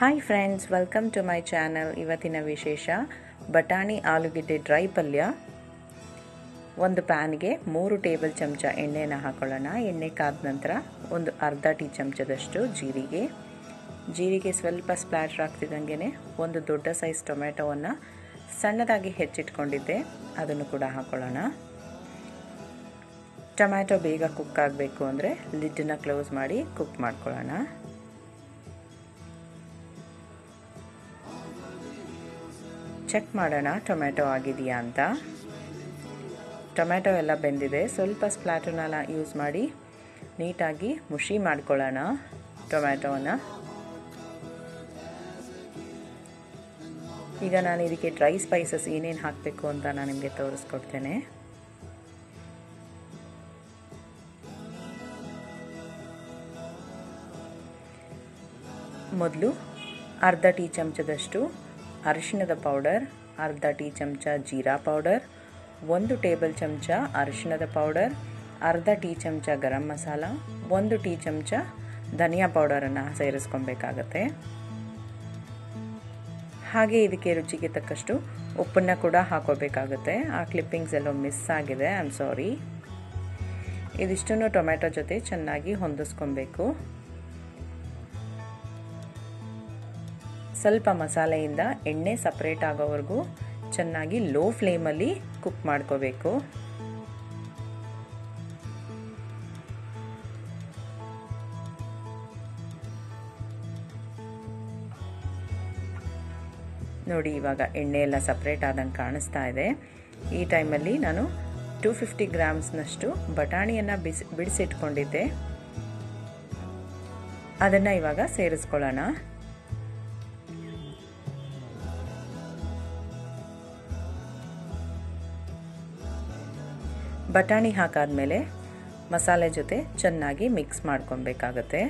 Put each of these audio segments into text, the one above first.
hi friends welcome to my channel ಇವತ್ತಿನ ವಿಶೇಷ ಬಟಾಣಿ ಆಲೂಗೆಡ್ಡೆ ಡ್ರೈ ಪಲ್ಯ ಒಂದು ಪ್ಯಾನ್ಗೆ ಮೂರು ಟೇಬಲ್ ಚಮಚ ಎಣ್ಣೆನ ಹಾಕೊಳ್ಳೋಣ ಎಣ್ಣೆ ಕಾದ ನಂತರ ಒಂದು ಅರ್ಧ ಟೀ ಚಮಚದಷ್ಟು ಜೀರಿಗೆ ಜೀರಿಗೆ ಸ್ವಲ್ಪ ಸ್ಪ್ಲಾಟ್ರ್ ಆಗ್ತಿದ್ದಂಗೆ ಒಂದು ದೊಡ್ಡ ಸೈಜ್ ಟೊಮೆಟೊವನ್ನು ಸಣ್ಣದಾಗಿ ಹೆಚ್ಚಿಟ್ಕೊಂಡಿದ್ದೆ ಅದನ್ನು ಕೂಡ ಹಾಕೊಳ್ಳೋಣ ಟೊಮ್ಯಾಟೊ ಬೇಗ ಕುಕ್ ಆಗಬೇಕು ಅಂದರೆ ಲಿಡ್ಡನ್ನ ಕ್ಲೋಸ್ ಮಾಡಿ ಕುಕ್ ಮಾಡ್ಕೊಳ್ಳೋಣ ಚೆಕ್ ಮಾಡೋಣ ಟೊಮೆಟೊ ಆಗಿದೆಯಾ ಅಂತ ಟೊಮೆಟೊ ಎಲ್ಲ ಬೆಂದಿದೆ ಸ್ವಲ್ಪ ಸ್ಪ್ಲಾಟನೆಲ್ಲ ಯೂಸ್ ಮಾಡಿ ನೀಟಾಗಿ ಮುಷಿ ಮಾಡ್ಕೊಳ್ಳೋಣ ಟೊಮ್ಯಾಟೊವನ್ನು ಈಗ ನಾನು ಇದಕ್ಕೆ ಡ್ರೈ ಸ್ಪೈಸಸ್ ಏನೇನು ಹಾಕಬೇಕು ಅಂತ ನಾನು ನಿಮಗೆ ತೋರಿಸ್ಕೊಡ್ತೇನೆ ಮೊದಲು ಅರ್ಧ ಟೀ ಚಮಚದಷ್ಟು ಅರಿಶಿಣದ ಪೌಡರ್ ಅರ್ಧ ಟೀ ಚಮಚ ಜೀರಾ ಪೌಡರ್ ಒಂದು ಟೇಬಲ್ ಚಮಚ ಅರಿಶಿಣದ ಪೌಡರ್ ಅರ್ಧ ಟೀ ಚಮಚ ಗರಂ ಮಸಾಲ ಒಂದು ಟೀ ಚಮಚ ಧನಿಯಾ ಪೌಡರನ್ನು ಸೇರಿಸ್ಕೊಬೇಕಾಗತ್ತೆ ಹಾಗೆ ಇದಕ್ಕೆ ರುಚಿಗೆ ತಕ್ಕಷ್ಟು ಉಪ್ಪನ್ನು ಕೂಡ ಹಾಕೋಬೇಕಾಗುತ್ತೆ ಆ ಕ್ಲಿಪ್ಪಿಂಗ್ಸ್ ಎಲ್ಲೋ ಮಿಸ್ ಆಗಿದೆ ಐ ಆಮ್ ಸಾರಿ ಇದಿಷ್ಟನ್ನು ಟೊಮೆಟೊ ಜೊತೆ ಚೆನ್ನಾಗಿ ಹೊಂದಿಸ್ಕೊಬೇಕು ಸ್ವಲ್ಪ ಮಸಾಲೆಯಿಂದ ಎಣ್ಣೆ ಸಪ್ರೇಟ್ ಆಗೋವರೆಗೂ ಚೆನ್ನಾಗಿ ಲೋ ಫ್ಲೇಮಲ್ಲಿ ಕುಕ್ ಮಾಡ್ಕೋಬೇಕು ನೋಡಿ ಇವಾಗ ಎಣ್ಣೆ ಎಲ್ಲ ಸಪ್ರೇಟ್ ಆದಂಗೆ ಕಾಣಿಸ್ತಾ ಇದೆ ಈ ಟೈಮಲ್ಲಿ ನಾನು ಟೂ ಫಿಫ್ಟಿ ಗ್ರಾಮ್ಸ್ನಷ್ಟು ಬಟಾಣಿಯನ್ನು ಬಿಸಿ ಬಿಡಿಸಿಟ್ಕೊಂಡಿದ್ದೆ ಅದನ್ನು ಇವಾಗ ಸೇರಿಸ್ಕೊಳ್ಳೋಣ ಬಟಾಣಿ ಹಾಕಾದಮೇಲೆ ಮಸಾಲೆ ಜೊತೆ ಚೆನ್ನಾಗಿ ಮಿಕ್ಸ್ ಮಾಡ್ಕೊಬೇಕಾಗತ್ತೆ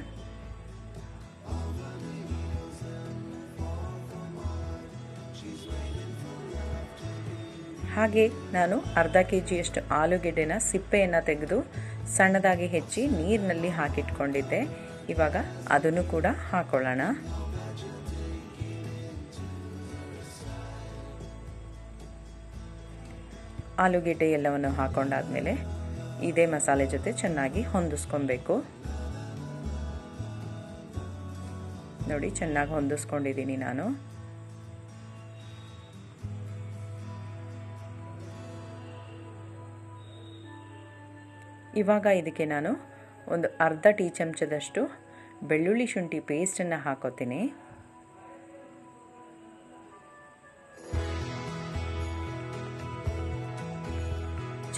ಹಾಗೆ ನಾನು ಅರ್ಧ ಕೆ ಜಿಯಷ್ಟು ಆಲೂಗೆಡ್ಡೆನ ಸಿಪ್ಪೆಯನ್ನು ತೆಗೆದು ಸಣ್ಣದಾಗಿ ಹೆಚ್ಚಿ ನೀರಿನಲ್ಲಿ ಹಾಕಿಟ್ಕೊಂಡಿದ್ದೆ ಇವಾಗ ಅದನ್ನು ಕೂಡ ಹಾಕೊಳ್ಳೋಣ ಆಲೂಗೆಡ್ಡೆ ಎಲ್ಲವನ್ನು ಹಾಕೊಂಡಾದ್ಮೇಲೆ ಇದೇ ಮಸಾಲೆ ಜೊತೆ ಚೆನ್ನಾಗಿ ಹೊಂದಿಸ್ಕೊಬೇಕು ನೋಡಿ ಚೆನ್ನಾಗಿ ಹೊಂದಿಸ್ಕೊಂಡಿದ್ದೀನಿ ನಾನು ಇವಾಗ ಇದಕ್ಕೆ ನಾನು ಒಂದು ಅರ್ಧ ಟೀ ಚಮಚದಷ್ಟು ಬೆಳ್ಳುಳ್ಳಿ ಶುಂಠಿ ಪೇಸ್ಟನ್ನು ಹಾಕೋತೀನಿ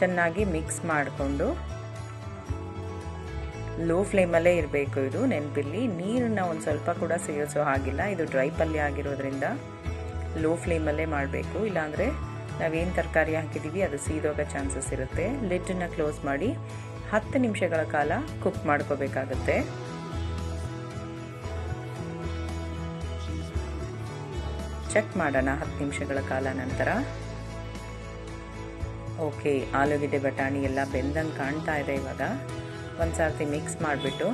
ಚೆನ್ನಾಗಿ ಮಿಕ್ಸ್ ಮಾಡಿಕೊಂಡು ಲೋ ಫ್ಲೇಮಲ್ಲೇ ಇರಬೇಕು ಇದು ನೆನಪಿಲ್ಲಿ ನೀರನ್ನು ಒಂದು ಸ್ವಲ್ಪ ಕೂಡ ಸೇರಿಸೋ ಹಾಗಿಲ್ಲ ಇದು ಡ್ರೈ ಪಲ್ಯ ಆಗಿರೋದ್ರಿಂದ ಲೋ ಫ್ಲೇಮಲ್ಲೇ ಮಾಡಬೇಕು ಇಲ್ಲಾಂದರೆ ನಾವೇನು ತರಕಾರಿ ಹಾಕಿದ್ದೀವಿ ಅದು ಸೀದೋಗೋ ಚಾನ್ಸಸ್ ಇರುತ್ತೆ ಲಿಡ್ಡನ್ನು ಕ್ಲೋಸ್ ಮಾಡಿ ಹತ್ತು ನಿಮಿಷಗಳ ಕಾಲ ಕುಕ್ ಮಾಡ್ಕೋಬೇಕಾಗುತ್ತೆ ಚೆಕ್ ಮಾಡೋಣ ಹತ್ತು ನಿಮಿಷಗಳ ಕಾಲ ನಂತರ ಓಕೆ ಆಲೂಗೆಡ್ಡೆ ಬಟಾಣಿ ಎಲ್ಲ ಬೆಂದಂಗೆ ಕಾಣ್ತಾ ಇದೆ ಇವಾಗ ಒಂದು ಸರ್ತಿ ಮಿಕ್ಸ್ ಮಾಡಿಬಿಟ್ಟು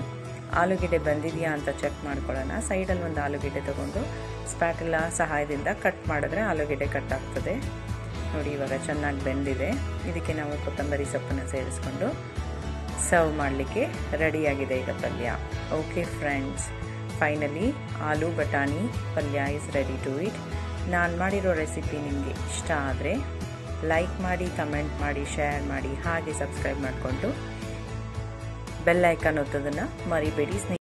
ಆಲೂಗೆಡ್ಡೆ ಬಂದಿದೆಯಾ ಅಂತ ಚೆಕ್ ಮಾಡ್ಕೊಳ್ಳೋಣ ಸೈಡಲ್ಲಿ ಒಂದು ಆಲೂಗಡ್ಡೆ ತೊಗೊಂಡು ಸ್ಪ್ಯಾಟೆಲ್ಲ ಸಹಾಯದಿಂದ ಕಟ್ ಮಾಡಿದ್ರೆ ಆಲೂಗೆಡ್ಡೆ ಕಟ್ ಆಗ್ತದೆ ನೋಡಿ ಇವಾಗ ಚೆನ್ನಾಗಿ ಬೆಂದಿದೆ ಇದಕ್ಕೆ ನಾವು ಕೊತ್ತಂಬರಿ ಸೊಪ್ಪನ್ನು ಸೇರಿಸ್ಕೊಂಡು ಸರ್ವ್ ಮಾಡಲಿಕ್ಕೆ ರೆಡಿಯಾಗಿದೆ ಈಗ ಪಲ್ಯ okay friends finally aloo batani palya is ready to eat ನಾನು ಮಾಡಿರೋ ರೆಸಿಪಿ ನಿಮಗೆ ಇಷ್ಟ ಆದರೆ ಲೈಕ್ ಮಾಡಿ ಕಮೆಂಟ್ ಮಾಡಿ ಶೇರ್ ಮಾಡಿ ಹಾಗೆ ಸಬ್ಸ್ಕ್ರೈಬ್ ಮಾಡಿಕೊಂಡು ಬೆಲ್ಲೈಕನ್ ಒತ್ತೋದನ್ನು ಮರಿಬೇಡಿ ಸ್ನೇಹಿತರೆ